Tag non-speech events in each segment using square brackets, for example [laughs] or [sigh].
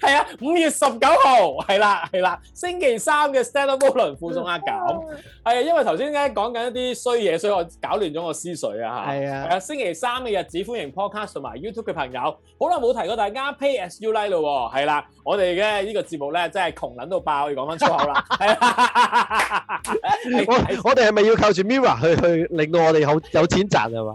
係 [laughs] 啊，五月十九號係啦係啦，星期三嘅 stand up 附送阿九。係 [laughs] 啊，因為頭先咧講緊一啲衰嘢，所以我搞亂咗我思緒啊吓。係啊，星期三嘅日子歡迎 podcast 同埋 YouTube 嘅朋友。好耐冇提過大家 pay as u like 咯，係啦、啊，我哋嘅呢個節目咧，真係窮捻到爆，要講翻粗口啦。我我哋係咪要靠住 Mirror 去去令到我哋好有錢賺係嘛？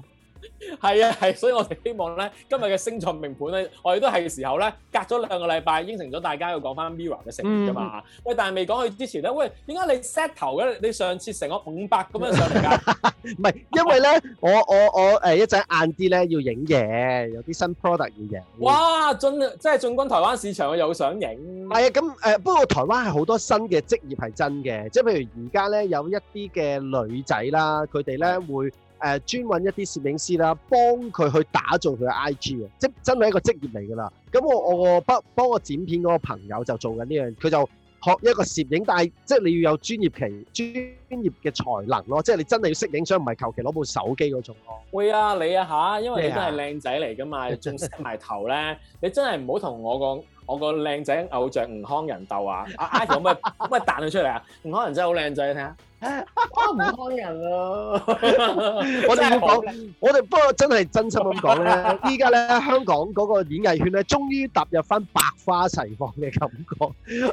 係啊，係，所以我哋希望咧，今日嘅星座命盤咧，我哋都係時候咧，隔咗兩個禮拜應承咗大家要講翻 Mirror 嘅事業噶嘛、嗯。喂，但係未講去之前咧，喂，點解你 set 頭嘅？你上次成咗五百咁樣上嚟噶？唔係， [laughs] 因為咧，我我我誒一陣晏啲咧要影嘢，有啲新 product 要影。哇，進即係進軍台灣市場，我又想影。係啊，咁誒、呃，不過台灣係好多新嘅職業係真嘅，即係譬如而家咧有一啲嘅女仔啦，佢哋咧會。誒、uh，專揾一啲攝影師啦，幫佢去打造佢嘅 IG 啊，即真係一個職業嚟噶啦。咁我我不幫我剪片嗰個朋友就做緊呢樣，佢就學一個攝影，但係即係你要有專業期專業嘅才能咯，即係你真係要識影相，唔係求其攞部手機嗰種咯。會啊，你啊嚇，因為你真係靚仔嚟噶嘛，仲識埋頭咧， [laughs] 你真係唔好同我講。我個靚仔偶像吳康仁鬥啊！阿 Ivy，我咪我咪彈佢出嚟啊！吳康仁真係好靚仔，你睇下。啊，吳康仁啊！我哋 [laughs] 要講，我哋不過真係真心咁講咧，依家咧香港嗰個演藝圈咧，終於踏入翻百花齊放嘅感覺，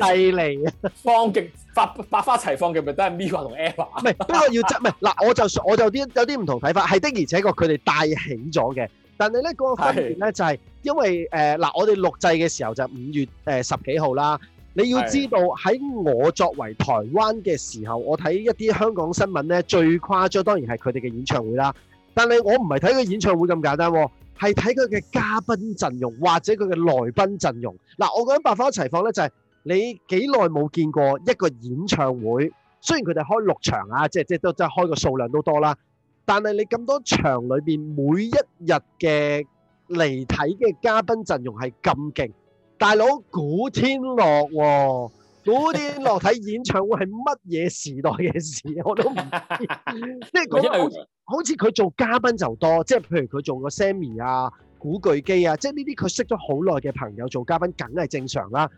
好犀利啊！放極百百花齊放嘅咪都係 Mirror 同 Error 唔係，不過要真唔係嗱，我就我就啲有啲唔同睇法，係的而且確佢哋帶起咗嘅。但係咧、那個分別咧就係、是，因為誒嗱、呃，我哋錄製嘅時候就五月誒、呃、十幾號啦。你要知道喺是的 我作為台灣嘅時候，我睇一啲香港新聞咧，最誇張當然係佢哋嘅演唱會啦。但係我唔係睇佢演唱會咁簡單、啊，係睇佢嘅嘉賓陣容或者佢嘅來賓陣容。嗱、呃，我講百花齊放咧，就係、是、你幾耐冇見過一個演唱會？雖然佢哋開六場啊，即係即係都即係開個數量都多啦。但係你咁多場裏邊，每一日嘅嚟睇嘅嘉賓陣容係咁勁，大佬古天樂喎，古天樂睇、哦、 [laughs] 演唱會係乜嘢時代嘅事我都唔知，即係佢好似佢做嘉賓就多，即係譬如佢做個 Sammy 啊、古巨基啊，即係呢啲佢識咗好耐嘅朋友做嘉賓，梗係正常啦。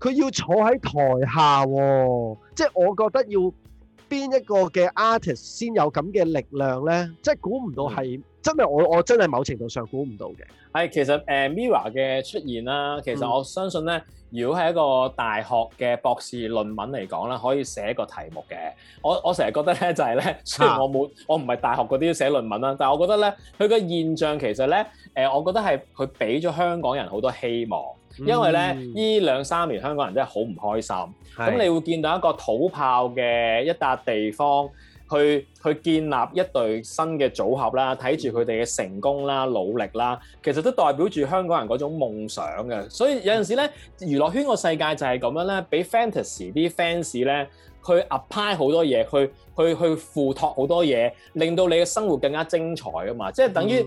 佢要坐喺台下、喎，即係我覺得要。邊一個嘅 artist 先有咁嘅力量咧？即係估唔到係真係我我真係某程度上估唔到嘅。係其實誒 Mirror 嘅出現啦，其實我相信咧。嗯如果係一個大學嘅博士論文嚟講咧，可以寫一個題目嘅。我我成日覺得咧，就係咧，雖然我冇，我唔係大學嗰啲寫論文啦，但係我覺得咧，佢個現象其實咧，誒，我覺得係佢俾咗香港人好多希望，因為咧，嗯，呢兩三年香港人真係好唔開心，咁是你會見到一個土炮嘅一笪地方。去去建立一對新嘅組合啦，睇住佢哋嘅成功啦、努力啦，其實都代表住香港人嗰種夢想嘅。所以有陣時咧，娛樂圈個世界就係咁樣咧，俾 fantasy 啲 fans 咧。去 apply 好多嘢，去去去附託好多嘢，令到你嘅生活更加精彩啊嘛！即係等於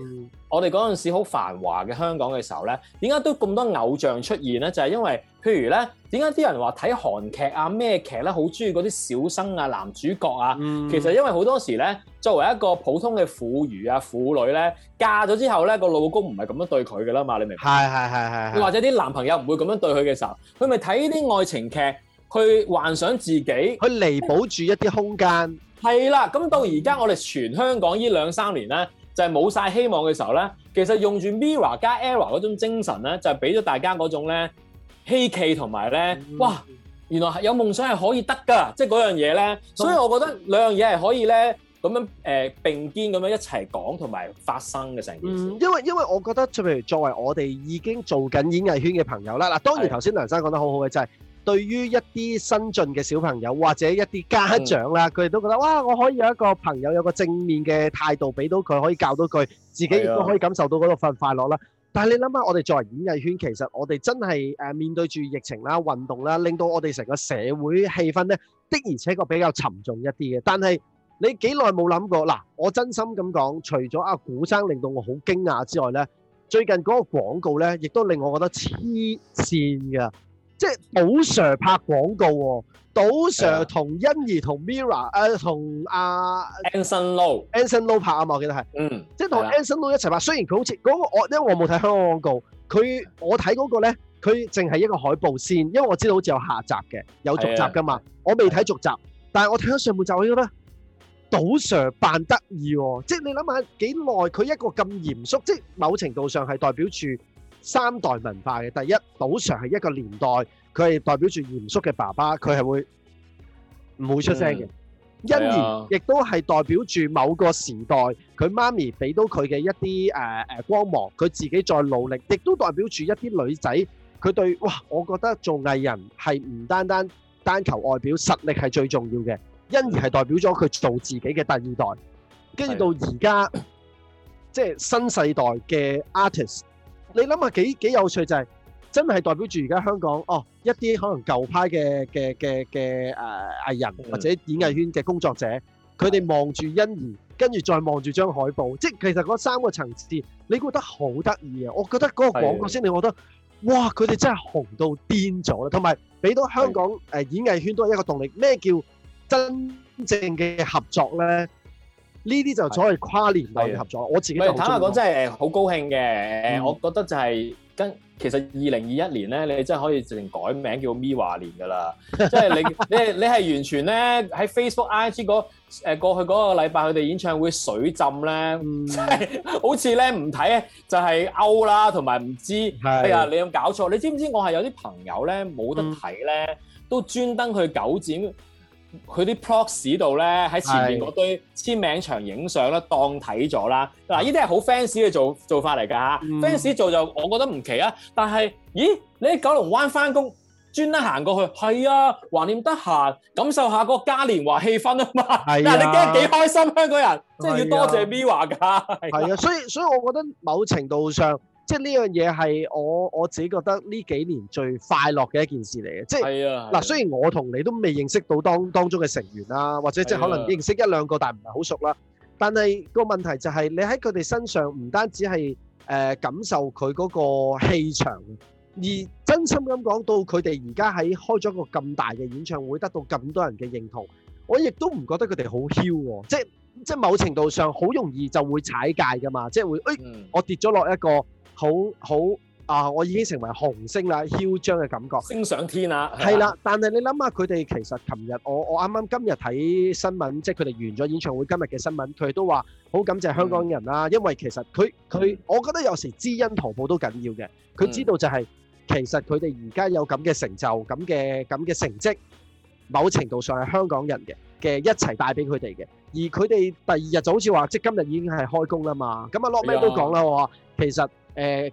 我哋嗰陣時好繁華嘅香港嘅時候咧，點解都咁多偶像出現咧？就係、是、因為譬如咧，點解啲人話睇韓劇啊、咩劇咧、啊，好中意嗰啲小生啊、男主角啊？嗯、其實因為好多時咧，作為一個普通嘅婦孺啊、婦女咧，嫁咗之後咧，個老公唔係咁樣對佢嘅啦嘛，你明唔明？係係係係。或者啲男朋友唔會咁樣對佢嘅時候，佢咪睇啲愛情劇？佢幻想自己，去彌補住一啲空間。係啦，咁到而家我哋全香港呢兩三年咧，就係冇晒希望嘅時候咧。其實用住 Mirror 加 Error 嗰種精神咧，就係俾咗大家嗰種咧希冀同埋咧，哇！原來有夢想係可以得㗎，即係嗰樣嘢咧。所以我覺得兩樣嘢係可以咧咁樣誒、呃、並肩咁樣一齊講同埋發生嘅成件事。因為因為我覺得，即譬如作為我哋已經做緊演藝圈嘅朋友啦，嗱，當然頭先梁生講得好好嘅就係、是。對於一啲新進嘅小朋友或者一啲家長啦，佢哋、嗯、都覺得哇，我可以有一個朋友，有個正面嘅態度俾到佢，可以教到佢，自己亦都可以感受到嗰度份快樂啦。啊、但係你諗下，我哋作為演藝圈，其實我哋真係誒面對住疫情啦、運動啦，令到我哋成個社會氣氛咧的而且確比較沉重一啲嘅。但係你幾耐冇諗過嗱？我真心咁講，除咗阿、啊、古生令到我好驚訝之外咧，最近嗰個廣告咧，亦都令我覺得黐線嘅。即係杜 Sir 拍廣告喎，杜 Sir 同欣宜同 Mirror 誒、呃、同阿 Anson、呃、Lo Anson Lo 拍啊嘛，我記得係，嗯，即係同 Anson Lo 一齊拍。雖然佢好似嗰、那個我，因為我冇睇香港廣告，佢我睇嗰個咧，佢淨係一個海報先，因為我知道好似有下集嘅，有續集噶嘛，的我未睇續集，但係我睇咗上半集，我覺得杜 Sir 扮得意喎、哦，即係你諗下幾耐，佢一個咁嚴肅，即係某程度上係代表住。三代文化嘅，第一賭場係一個年代，佢係代表住嚴肅嘅爸爸，佢係會唔會出聲嘅？欣宜亦都係代表住某個時代，佢媽咪俾到佢嘅一啲誒誒光芒，佢自己再努力，亦都代表住一啲女仔，佢對哇！我覺得做藝人係唔單單單求外表，實力係最重要嘅。欣宜係代表咗佢做自己嘅第二代，跟住到而家的即係新世代嘅 artist。你諗下幾幾有趣就係，是，真係代表住而家香港哦，一啲可能舊派嘅嘅嘅嘅誒藝人或者演藝圈嘅工作者，佢哋望住欣宜，跟住再望住張海報，的即係其實嗰三個層次，你覺得好得意啊！我覺得嗰個廣告先，你的覺得哇！佢哋真係紅到癲咗啦，同埋俾到香港誒演藝圈都係一個動力。咩的叫真正嘅合作咧？呢啲就所謂跨年結合咗，的我自己就坦白講，真係誒好高興嘅。誒、嗯，我覺得就係跟其實二零二一年咧，你真係可以直情改名叫咪華年噶啦。即係 [laughs] 你你你係完全咧喺 Facebook、IG 嗰誒過去嗰個禮拜，佢哋演唱會水浸咧，嗯、 [laughs] 好似咧唔睇就係勾啦，同埋唔知的哎呀你有冇搞錯？你知唔知我係有啲朋友咧冇得睇咧，嗯、都專登去九展。佢啲 proxy 度咧喺前面嗰堆簽名牆影相咧當睇咗啦，嗱呢啲係好 fans 嘅做做法嚟㗎嚇，fans 做就我覺得唔奇啊，但係咦你喺九龍灣翻工專登行過去係啊，橫掂得閒感受下個嘉年華氣氛啊嘛，係啊，但係你驚幾開心、啊、香港人，即係要多謝 Mirror 㗎，係啊，啊，啊，啊，所以所以我覺得某程度上。即係呢樣嘢係我我自己覺得呢幾年最快樂嘅一件事嚟嘅，即係嗱。雖然我同你都未認識到當當中嘅成員啦，或者即係可能認識一兩個，的但係唔係好熟啦。但係個問題就係你喺佢哋身上唔單止係誒、呃、感受佢嗰個氣場，而真心咁講到佢哋而家喺開咗個咁大嘅演唱會，得到咁多人嘅認同，我亦都唔覺得佢哋好囂喎。即係即係某程度上好容易就會踩界㗎嘛，即係會誒、哎嗯、我跌咗落一個。好好啊！我已經成為紅星啦，囂張嘅感覺，升上天啦。係啦，但係你諗下，佢哋其實琴日我我啱啱今日睇新聞，即係佢哋完咗演唱會今日嘅新聞，佢哋都話好感謝香港人啦、啊。嗯、因為其實佢佢，嗯、我覺得有時知恩圖報都緊要嘅。佢知道就係其實佢哋而家有咁嘅成就、咁嘅咁嘅成績，某程度上係香港人嘅嘅一齊帶俾佢哋嘅。而佢哋第二日就好似話，即今日已經係開工啦嘛。咁啊，落咩都講啦，我其實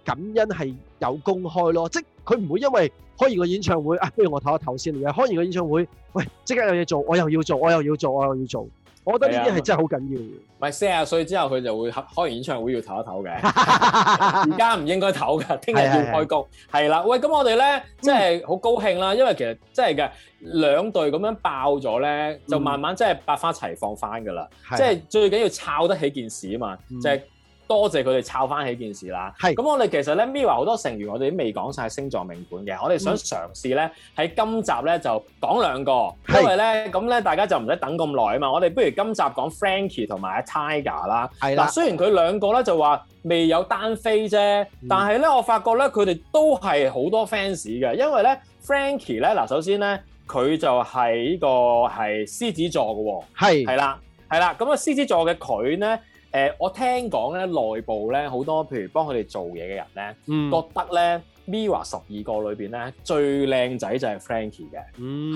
感恩係有公開咯，即係佢唔會因為開完個演唱會啊、哎，不如我唞一唞先。開完個演唱會，喂，即刻有嘢做，我又要做，我又要做，我又要做。我覺得呢啲係真係好緊要嘅。唔係四十歲之後，佢就會開完演唱會要唞一唞嘅。而家唔應該唞嘅，聽日要開工。係啦的的，喂，咁我哋咧即係好高興啦，因為其實真係嘅兩隊咁樣爆咗咧，就慢慢真係百花齊放翻噶啦。即係、嗯、最緊要炒得起件事啊嘛，嗯、就係、是。多謝佢哋抄翻起件事啦。咁我哋其實咧，Mirror 好多成員，我哋都未講晒星座命盤嘅。我哋想嘗試咧，喺今集咧就講兩個，因為咧咁咧大家就唔使等咁耐啊嘛。我哋不如今集講 Frankie 同埋阿 Tiger 啦。係啦，雖然佢兩個咧就話未有單飛啫，但係咧我發覺咧佢哋都係好多 fans 嘅。因為咧 Frankie 咧嗱，首先咧佢就係呢個係獅子座嘅喎。係係啦係啦，咁啊獅子座嘅佢咧。誒、呃，我聽講咧，內部咧好多，譬如幫佢哋做嘢嘅人咧，嗯、覺得咧，Mirror 十二個裏邊咧最靚仔就係 Frankie 嘅，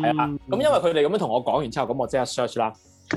係啊。咁因為佢哋咁樣同我講完之後，咁我即刻 search 啦。 [laughs] [laughs]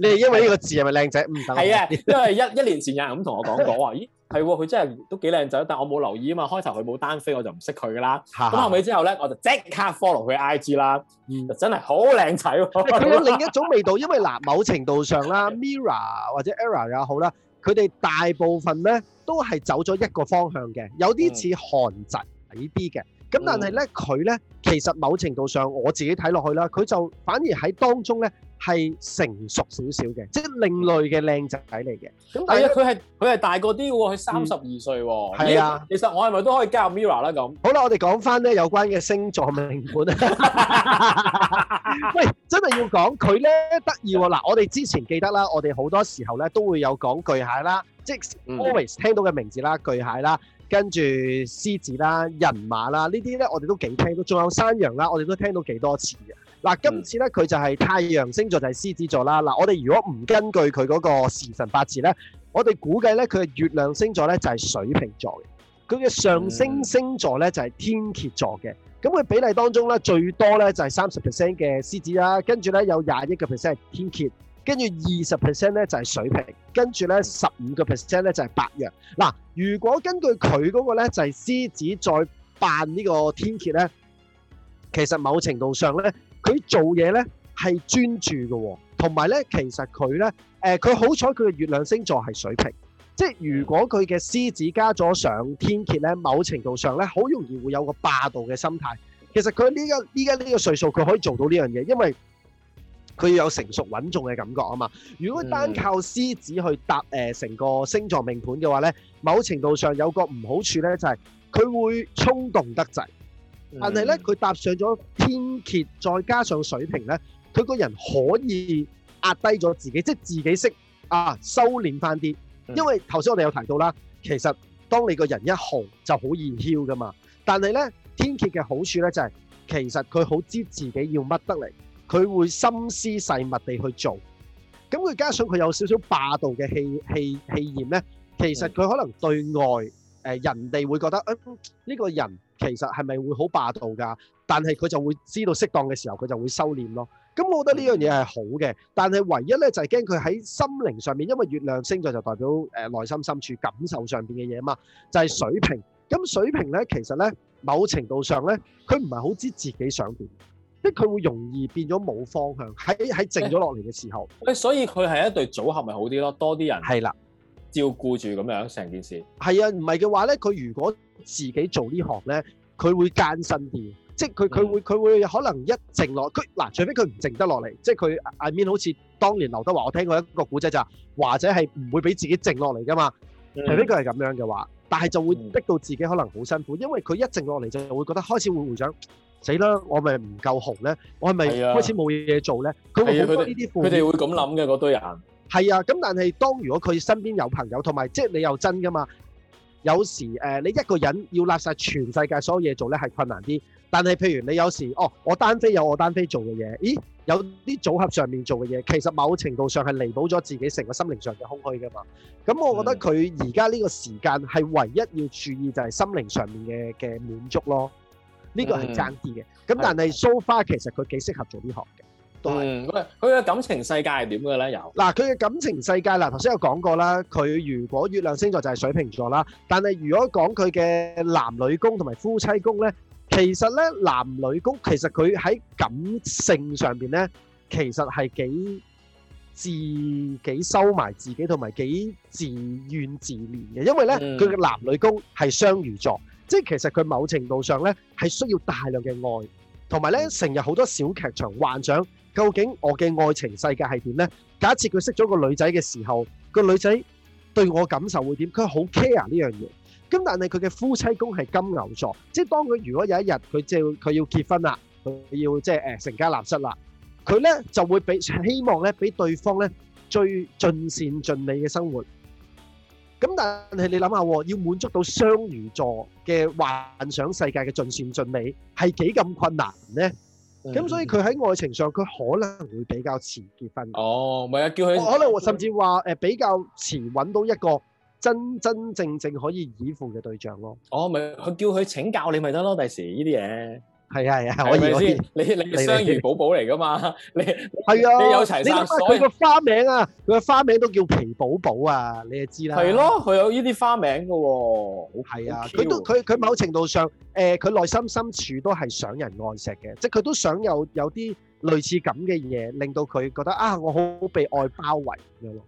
你哋因為呢個字係咪靚仔？唔、嗯、得。係啊的， [laughs] 因為一一年前有人咁同我講講話，咦？ [laughs] [laughs] 係喎，佢真係都幾靚仔，但我冇留意啊嘛。開頭佢冇單飛，我就唔識佢噶啦。咁 [laughs] 後尾之後咧，我就即刻 follow 佢 IG 啦，就、嗯、真係好靚仔。佢有另一種味道， [laughs] 因為嗱，某程度上啦 Mirror 或者 Error 也好啦，佢哋大部分咧都係走咗一個方向嘅，有啲似韓宅 A B 嘅。咁但係咧，佢咧其實某程度上我自己睇落去啦，佢就反而喺當中咧係成熟少少嘅，即係另類嘅靚仔嚟嘅。咁但係佢係佢係大個啲喎，佢三十二歲喎。係、嗯、你啊，其實我係咪都可以加入 Mirror 啦？咁好啦，我哋講翻咧有關嘅星座命盤啊。喂，真係要講佢咧得意喎！嗱，我哋之前記得啦，我哋好多時候咧都會有講巨蟹啦，即係 always 聽到嘅名字啦，巨蟹啦。跟住獅子啦、人馬啦，呢啲呢我哋都幾聽到，仲有山羊啦，我哋都聽到幾多次嘅。嗱，今次呢，佢就係太陽星座就係獅子座啦。嗱，我哋如果唔根據佢嗰個時辰八字呢，我哋估計呢，佢嘅月亮星座呢就係水瓶座嘅，佢嘅上升星座呢就係天蠍座嘅。咁佢比例當中呢，最多呢就係三十 percent 嘅獅子啦，跟住呢，有廿一個 percent 係天蠍。跟住二十 percent 咧就係、是、水瓶，跟住咧十五個 percent 咧就係、是、白羊。嗱，如果根據佢嗰個咧就係、是、獅子再扮呢個天蠍咧，其實某程度上咧佢做嘢咧係專注嘅、哦，同埋咧其實佢咧誒佢好彩佢嘅月亮星座係水瓶，即係如果佢嘅獅子加咗上天蠍咧，某程度上咧好容易會有個霸道嘅心態。其實佢呢、這個依家呢個歲數佢可以做到呢樣嘢，因為。佢要有成熟穩重嘅感覺啊嘛！嗯、如果單靠獅子去搭誒成、呃、個星座命盤嘅話咧，某程度上有個唔好處咧，就係、是、佢會衝動得滯。但係咧，佢搭上咗天蠍，再加上水瓶咧，佢個人可以壓低咗自己，即係自己識啊收斂返啲。因為頭先我哋有提到啦，其實當你個人一紅就好易囂㗎嘛。但係咧，天蠍嘅好處咧就係、是、其實佢好知自己要乜得嚟。佢會心思細密地去做，咁佢加上佢有少少霸道嘅氣氣氣焰呢，其實佢可能對外誒人哋會覺得誒呢個人其實係咪會好霸道㗎？但係佢就會知道適當嘅時候佢就會收斂咯。咁我覺得呢樣嘢係好嘅，但係唯一呢就係驚佢喺心靈上面，因為月亮星座就代表誒內心深處感受上面嘅嘢啊嘛，就係水瓶。咁水瓶呢其實呢某程度上呢，佢唔係好知自己想點。即佢會容易變咗冇方向，喺喺靜咗落嚟嘅時候。所以佢係一隊組合咪好啲咯，多啲人係啦，照顧住咁樣成件事。係啊，唔係嘅話呢，佢如果自己做呢行呢，佢會艱辛啲。即係佢佢會佢、嗯、會可能一靜落佢嗱，除非佢唔靜得落嚟，即係佢阿 m 好似當年劉德華，我聽過一個古仔就話者係唔會俾自己靜落嚟噶嘛。嗯、除非佢係咁樣嘅話，但係就會逼到自己可能好辛苦，因為佢一靜落嚟就會覺得開始會回想。死啦！我咪唔夠紅呢，我係咪開始冇嘢做呢？佢會覺得呢啲負面，佢哋會咁諗嘅嗰堆人係啊！咁但係當如果佢身邊有朋友，同埋即係你又真噶嘛？有時誒，你一個人要揦晒全世界所有嘢做呢，係困難啲。但係譬如你有時哦，我單飛有我單飛做嘅嘢，咦？有啲組合上面做嘅嘢，其實某程度上係彌補咗自己成個心靈上嘅空虛噶嘛。咁我覺得佢而家呢個時間係唯一要注意就係心靈上面嘅嘅滿足咯。呢個係爭啲嘅，咁但係 So far 其實佢幾適合做呢行嘅，都係佢嘅感情世界係點嘅咧？有嗱，佢嘅感情世界嗱，頭先有講過啦。佢如果月亮星座就係水瓶座啦，但係如果講佢嘅男女宮同埋夫妻宮咧，其實咧男女宮其實佢喺感性上邊咧，其實係幾自己收埋自己同埋幾自怨自憐嘅，因為咧佢嘅男女宮係雙魚座。即係其實佢某程度上咧係需要大量嘅愛，同埋咧成日好多小劇場幻想。究竟我嘅愛情世界係點咧？假設佢識咗個女仔嘅時候，個女仔對我感受會點？佢好 care 呢樣嘢。咁但係佢嘅夫妻宮係金牛座，即係當佢如果有一日佢即係佢要結婚啦，佢要即係誒成家立室啦，佢咧就會俾希望咧俾對方咧最盡善盡美嘅生活。咁但係你諗下，要滿足到雙魚座嘅幻想世界嘅盡善盡美，係幾咁困難咧？咁所以佢喺愛情上，佢可能會比較遲結婚。哦，咪啊，叫佢，可能甚至話誒比較遲揾到一個真真正正可以依附嘅對象咯。哦，咪佢叫佢請教你咪得咯，第時呢啲嘢。係啊係啊，可以可以你你係雙魚寶寶嚟噶嘛？來 [laughs] 你係啊，你有齊呢個佢個花名啊？佢個花名都叫皮寶寶啊！你就知啦？係咯、啊，佢有呢啲花名噶喎、哦。係好啊，佢 okay 都佢佢某程度上，誒、呃，佢內心深處都係想人愛錫嘅，即係佢都想有有啲。類似咁嘅嘢，令到佢覺得啊，我好被愛包圍咁樣咯。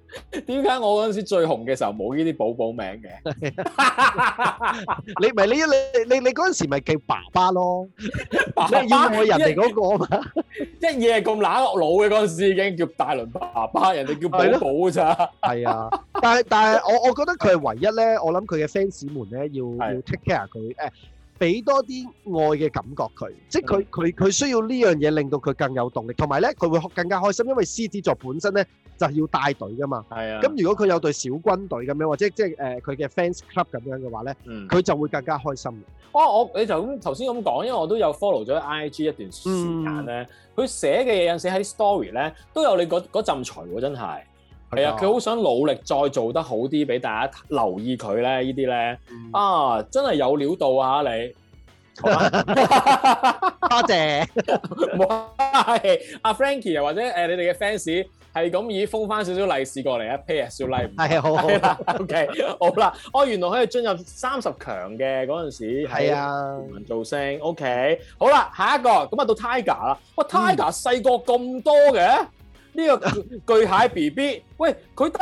點解我嗰陣時最紅嘅時候冇呢啲寶寶名嘅？ [laughs] [laughs] 你咪，你你你你嗰陣時咪叫爸爸咯？ [laughs] 爸爸你爸我人哋嗰個啊嘛，即係嘢咁乸落腦嘅嗰陣時已經叫大倫爸爸，人哋叫寶寶咋？係啊 [laughs] ，但係但係我我覺得佢係唯一咧，我諗佢嘅 fans 們咧要的要 take care 佢誒。哎俾多啲愛嘅感覺佢，即係佢佢佢需要呢樣嘢令到佢更有動力，同埋咧佢會更加開心，因為獅子座本身咧就係要帶隊㗎嘛。係啊，咁如果佢有隊小軍隊咁樣，或者即係誒佢嘅 fans club 咁樣嘅話咧，佢、嗯、就會更加開心。哇、哦！我你就咁頭先咁講，因為我都有 follow 咗 IG 一段時間咧，佢、嗯、寫嘅嘢寫喺 story 咧都有你嗰嗰陣才喎，真係。係啊，佢好想努力再做得好啲，俾大家留意佢咧，呢啲咧啊，真係有料到啊！你多 [laughs] 謝，阿 Frankie 啊，Frank ie, 或者誒、呃，你哋嘅 fans 係咁以封翻少少利 [laughs] 是過嚟啊！Pay 少利，係好啦，OK，好啦，我 [laughs] 原來可以進入三十強嘅嗰陣時，係啊，造星，OK，好啦，下一個咁啊，到 Tiger 啦，哇，Tiger 細個咁多嘅。 [laughs] 呢個巨蟹 B B，喂，佢得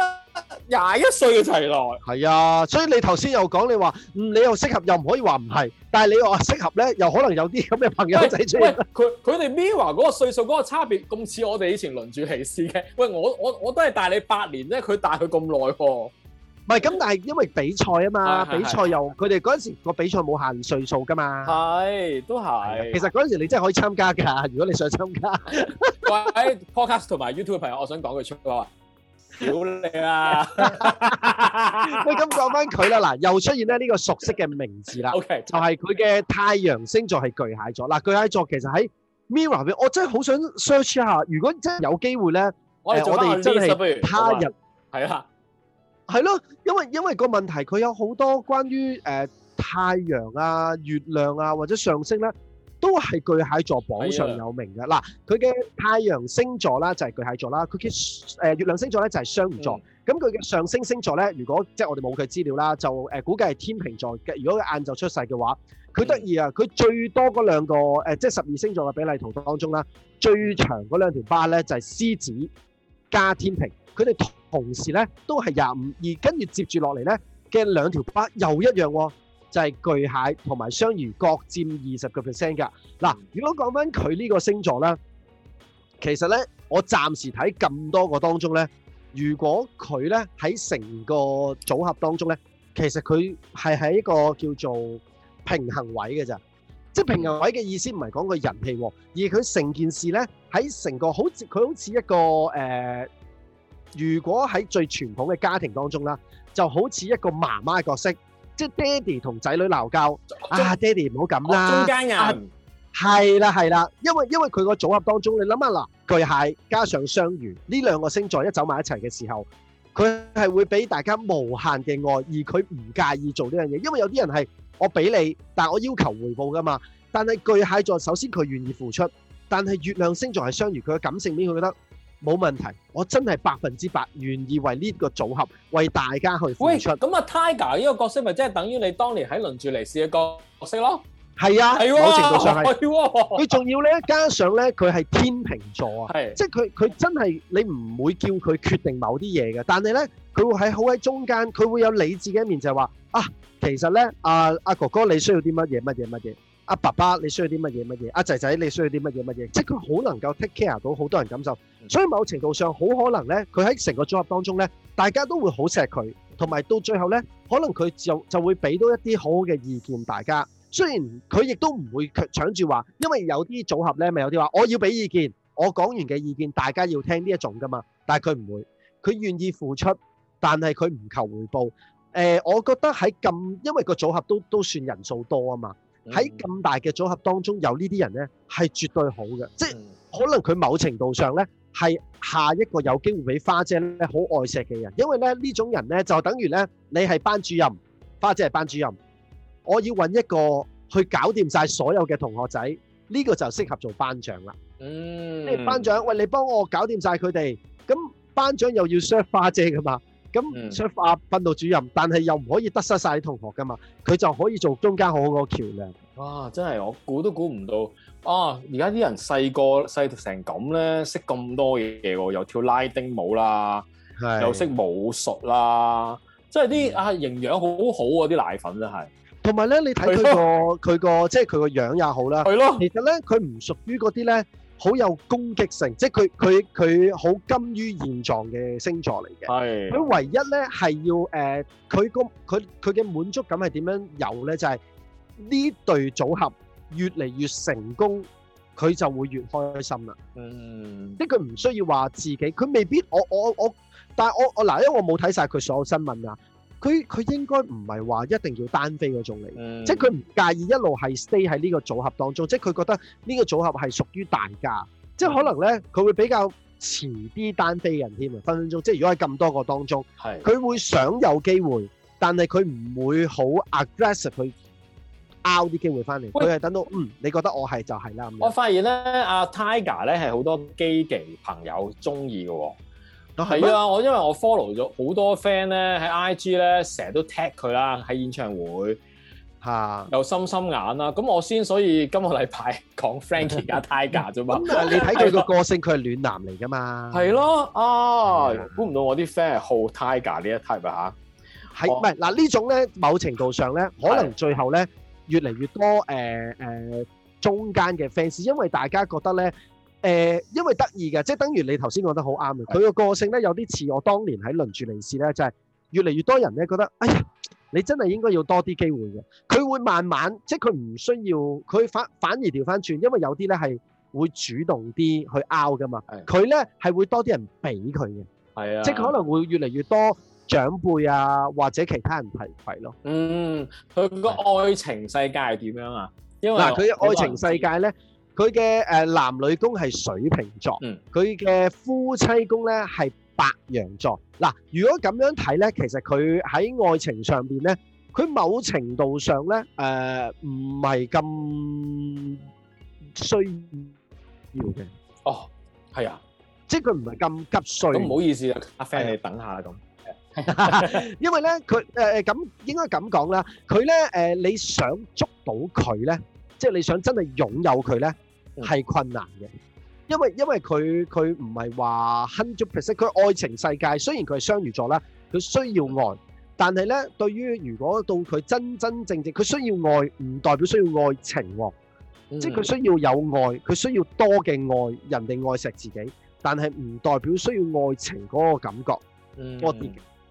廿一歲嘅齊來，係啊，所以你頭先又講你話，你又適合又唔可以話唔係，但係你又話適合咧，又可能有啲咁嘅朋友仔出現。佢佢哋 Mirror 嗰個歲數嗰個差別，咁似我哋以前輪住嚟試嘅。喂，我我我都係大你八年啫，佢大佢咁耐。唔係咁，但係因為比賽啊嘛，是是是比賽，又佢哋嗰陣時個比賽冇限歲數噶嘛，係都係。其實嗰陣時你真係可以參加㗎，如果你想參加。各 [laughs] 位 Podcast 同埋 YouTube 朋友，我想講句粗口啊，屌你啊！喂，咁講翻佢啦，嗱，又出現咧呢個熟悉嘅名字啦。OK，就係佢嘅太陽星座係巨蟹座，嗱，巨蟹座其實喺 Mirror 邊，我真係好想 search 一下。如果真係有機會咧，我哋、啊、真係他日係啦。係咯，因為因為個問題佢有好多關於誒太陽啊、月亮啊或者上升咧，都係巨蟹座榜上有名嘅。嗱，佢嘅太陽星座啦就係巨蟹座啦，佢嘅誒月亮星座咧就係雙魚座。咁佢嘅上升星座咧，如果即係我哋冇佢資料啦，就誒估計係天秤座嘅。如果佢晏晝出世嘅話，佢得意啊！佢最多嗰兩個誒，即係十二星座嘅比例圖當中啦，最長嗰兩條巴咧就係獅子加天秤，佢哋同。同時咧，都係廿五，而跟住接住落嚟咧嘅兩條巴又一樣喎，就係巨蟹同埋雙魚各佔二十個 percent 噶。嗱，如果講翻佢呢個星座咧，其實咧，我暫時睇咁多個當中咧，如果佢咧喺成個組合當中咧，其實佢係喺一個叫做平衡位嘅咋。即係平衡位嘅意思唔係講個人氣，而佢成件事咧喺成個好似佢好似一個誒。如果喺最傳統嘅家庭當中啦，就好似一個媽媽嘅角色，即係爹哋同仔女鬧交啊！爹哋唔好咁啦，中間人係啦係啦，因為因為佢個組合當中，你諗下嗱，巨蟹加上雙魚呢兩個星座一走埋一齊嘅時候，佢係會俾大家無限嘅愛，而佢唔介意做呢樣嘢，因為有啲人係我俾你，但我要求回報㗎嘛。但係巨蟹座首先佢願意付出，但係月亮星座係雙魚，佢嘅感性面佢覺得。冇問題，我真係百分之百願意為呢個組合為大家去付出。咁啊 Tiger 呢個角色咪即係等於你當年喺《輪住嚟試》嘅角色咯？係啊，某、啊、程度上係喎。佢仲、啊、要咧，加上咧，佢係天秤座啊，是即係佢佢真係你唔會叫佢決定某啲嘢嘅，但係咧，佢會喺好喺中間，佢會有理智嘅一面就，就係話啊，其實咧，阿、啊、阿哥，哥哥你需要啲乜嘢乜嘢乜嘢。阿、啊、爸爸，你需要啲乜嘢乜嘢？阿仔仔，你需要啲乜嘢乜嘢？即係佢好能夠 take care 到好多人感受，所以某程度上好可能呢，佢喺成個組合當中呢，大家都會好錫佢，同埋到最後呢，可能佢就就會俾到一啲好好嘅意，意，意見大家。雖然佢亦都唔會搶住話，因為有啲組合呢咪有啲話我要俾意見，我講完嘅意見大家要聽呢一種㗎嘛。但係佢唔會，佢願意付出，但係佢唔求回報。誒、呃，我覺得喺咁，因為個組合都都算人數多啊嘛。喺咁大嘅組合當中，有呢啲人呢，係絕對好嘅，即係可能佢某程度上呢，係下一個有機會俾花姐咧好愛錫嘅人，因為咧呢種人呢，就等於呢：「你係班主任，花姐係班主任，我要揾一個去搞掂晒所有嘅同學仔。」呢、呢個就適合做班長啦。嗯，班長，喂，你幫我搞掂晒佢哋，咁班長又要 serve 花姐噶嘛？咁、嗯、想訓導主任，但係又唔可以得失晒啲同學噶嘛？佢就可以做中間好好個橋梁。哇！真係我估都估唔到啊！而家啲人細個細到成咁咧，識咁多嘢喎，又跳拉丁舞啦，是又識武術啦，即係啲、嗯、啊營養好好啊啲奶粉真係。同埋咧，你睇佢個佢個即係佢個樣也好啦。係咯的，的其實咧，佢唔屬於嗰啲咧。好有攻擊性，即係佢佢佢好甘於現狀嘅星座嚟嘅。係。佢 [noise] 唯一咧係要誒，佢、呃、個佢佢嘅滿足感係點樣有咧？就係呢對組合越嚟越成功，佢就會越開心啦。嗯。 [noise] 即係佢唔需要話自己，佢未必我我我，我，但係我我嗱，因為我冇睇晒佢所有新聞啊。佢佢應該唔係話一定要單飛嗰種嚟，嗯、即係佢唔介意一路係 stay 喺呢個組合當中，即係佢覺得呢個組合係屬於大家。即係可能咧佢會比較遲啲單飛人添啊，分分鐘，即係如果喺咁多個當中，佢是會想有機會，但係佢唔會好 aggressive 去 out 啲機會翻嚟，佢係喂等到嗯，你覺得我係就係啦。我發現咧，阿、啊、Tiger 咧係好多機技朋友中意嘅喎。係啊，啊，我因為我 follow 咗好多 friend 咧，喺 IG 咧成日都 tag 佢啦，喺演唱會嚇，又、啊、心心眼啦、啊。咁我先所以今個禮拜講 Frankie 㗎 Tiger 啫嘛、 [laughs] 啊。你睇佢個個性，佢係 [laughs] 暖男嚟噶嘛？係咯、啊，啊估唔、啊、到我啲 friend 係好 Tiger 呢一 type 啊！嚇嗎，係唔係嗱？種呢種咧某程度上咧，可能最後咧越嚟越多誒誒、呃呃、中間嘅 fans，因為大家覺得咧。誒、呃，因為得意嘅，即係等於你頭先講得好啱嘅。佢個的個性咧，有啲似我當年喺輪住嚟試咧，就係、是、越嚟越多人咧覺得，哎呀，你真係應該要多啲機會嘅。佢會慢慢，即係佢唔需要，佢反反而調返轉，因為有啲咧係會主動啲去拗㗎嘛。佢咧係會多啲人俾佢嘅，的即係可能會越嚟越多長輩啊，或者其他人提攜咯。嗯，佢個愛情世界係點樣啊？因為嗱，佢、呃、愛情世界咧。佢嘅誒男女宮係水瓶座，嗯，佢嘅夫妻宮咧係白羊座。嗱，如果咁樣睇咧，其實佢喺愛情上邊咧，佢某程度上咧誒唔係咁需要嘅。哦，係啊，即係佢唔係咁急需要。咁唔好意思啊，阿 friend，你等下啦咁。因為咧，佢誒誒咁應該咁講啦，佢咧誒你想捉到佢咧，即係你想真係擁有佢咧，係困難嘅，因為因為佢佢唔係話 hundred percent，佢愛情世界雖然佢係雙魚座啦，佢需要愛，但係呢，對於如果到佢真真正正，佢需要愛唔代表需要愛情喎、啊，即係佢需要有愛，佢需要多嘅愛，人哋愛錫自己，但係唔代表需要愛情嗰個感覺，多啲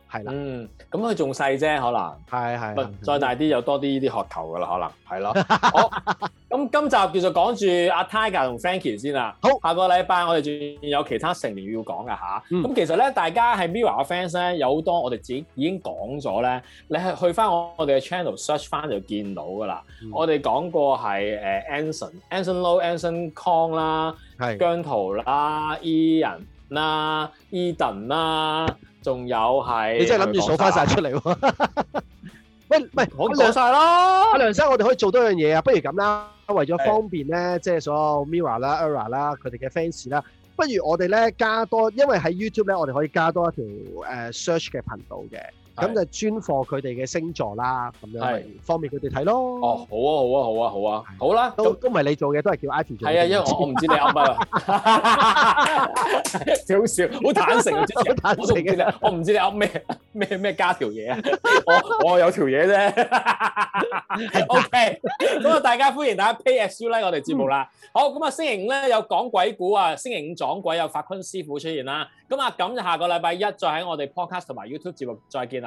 係是啦，嗯，咁佢仲細啫，可能係係，是是是再大啲有多啲呢啲渴求噶啦，可能係咯。好，咁今集繼續講住阿 Tiger 同 Frankie 先啦。好，下個禮拜我哋仲有其他成員要講噶吓。咁、啊嗯、其實咧，大家係 Mirror 嘅 fans 咧，有好多我哋自己已經講咗咧，你係去翻我我哋嘅 channel search 翻就見到噶啦。嗯、我哋講過係誒 Anson、嗯、Anson Lo An 的、Anson Kong 啦，係姜濤啦、Ian 啦、Eden 啦。仲有係，你真係諗住數翻晒出嚟來喎？ [laughs] 喂，唔係，我數晒啦。阿梁生，我哋可以做多樣嘢啊！不如咁啦，為咗方便咧，的即係所有 Mirror 啦、Era 啦佢哋嘅 fans 啦，不如我哋咧加多，因為喺 YouTube 咧，我哋可以加多一條誒 search 嘅頻道嘅。咁就專貨佢哋嘅星座啦，咁樣是方便佢哋睇咯。哦，好啊，好啊，好啊，好啊，好啦，都都唔係你做嘅，都係叫 Ivy 做。係啊，因為我唔知你噏乜啊。你好笑，好坦誠啊！我仲唔知你我唔知你噏咩咩咩加條嘢啊！我我有條嘢啫。OK，咁啊，大家歡迎大家 pay at v、like、我哋節目啦。嗯、好，咁啊，星期五咧有講鬼故啊，星期五撞鬼有法坤師傅出現啦。咁啊，咁就下個禮拜一再喺我哋 podcast 同埋 YouTube 節目再見啦。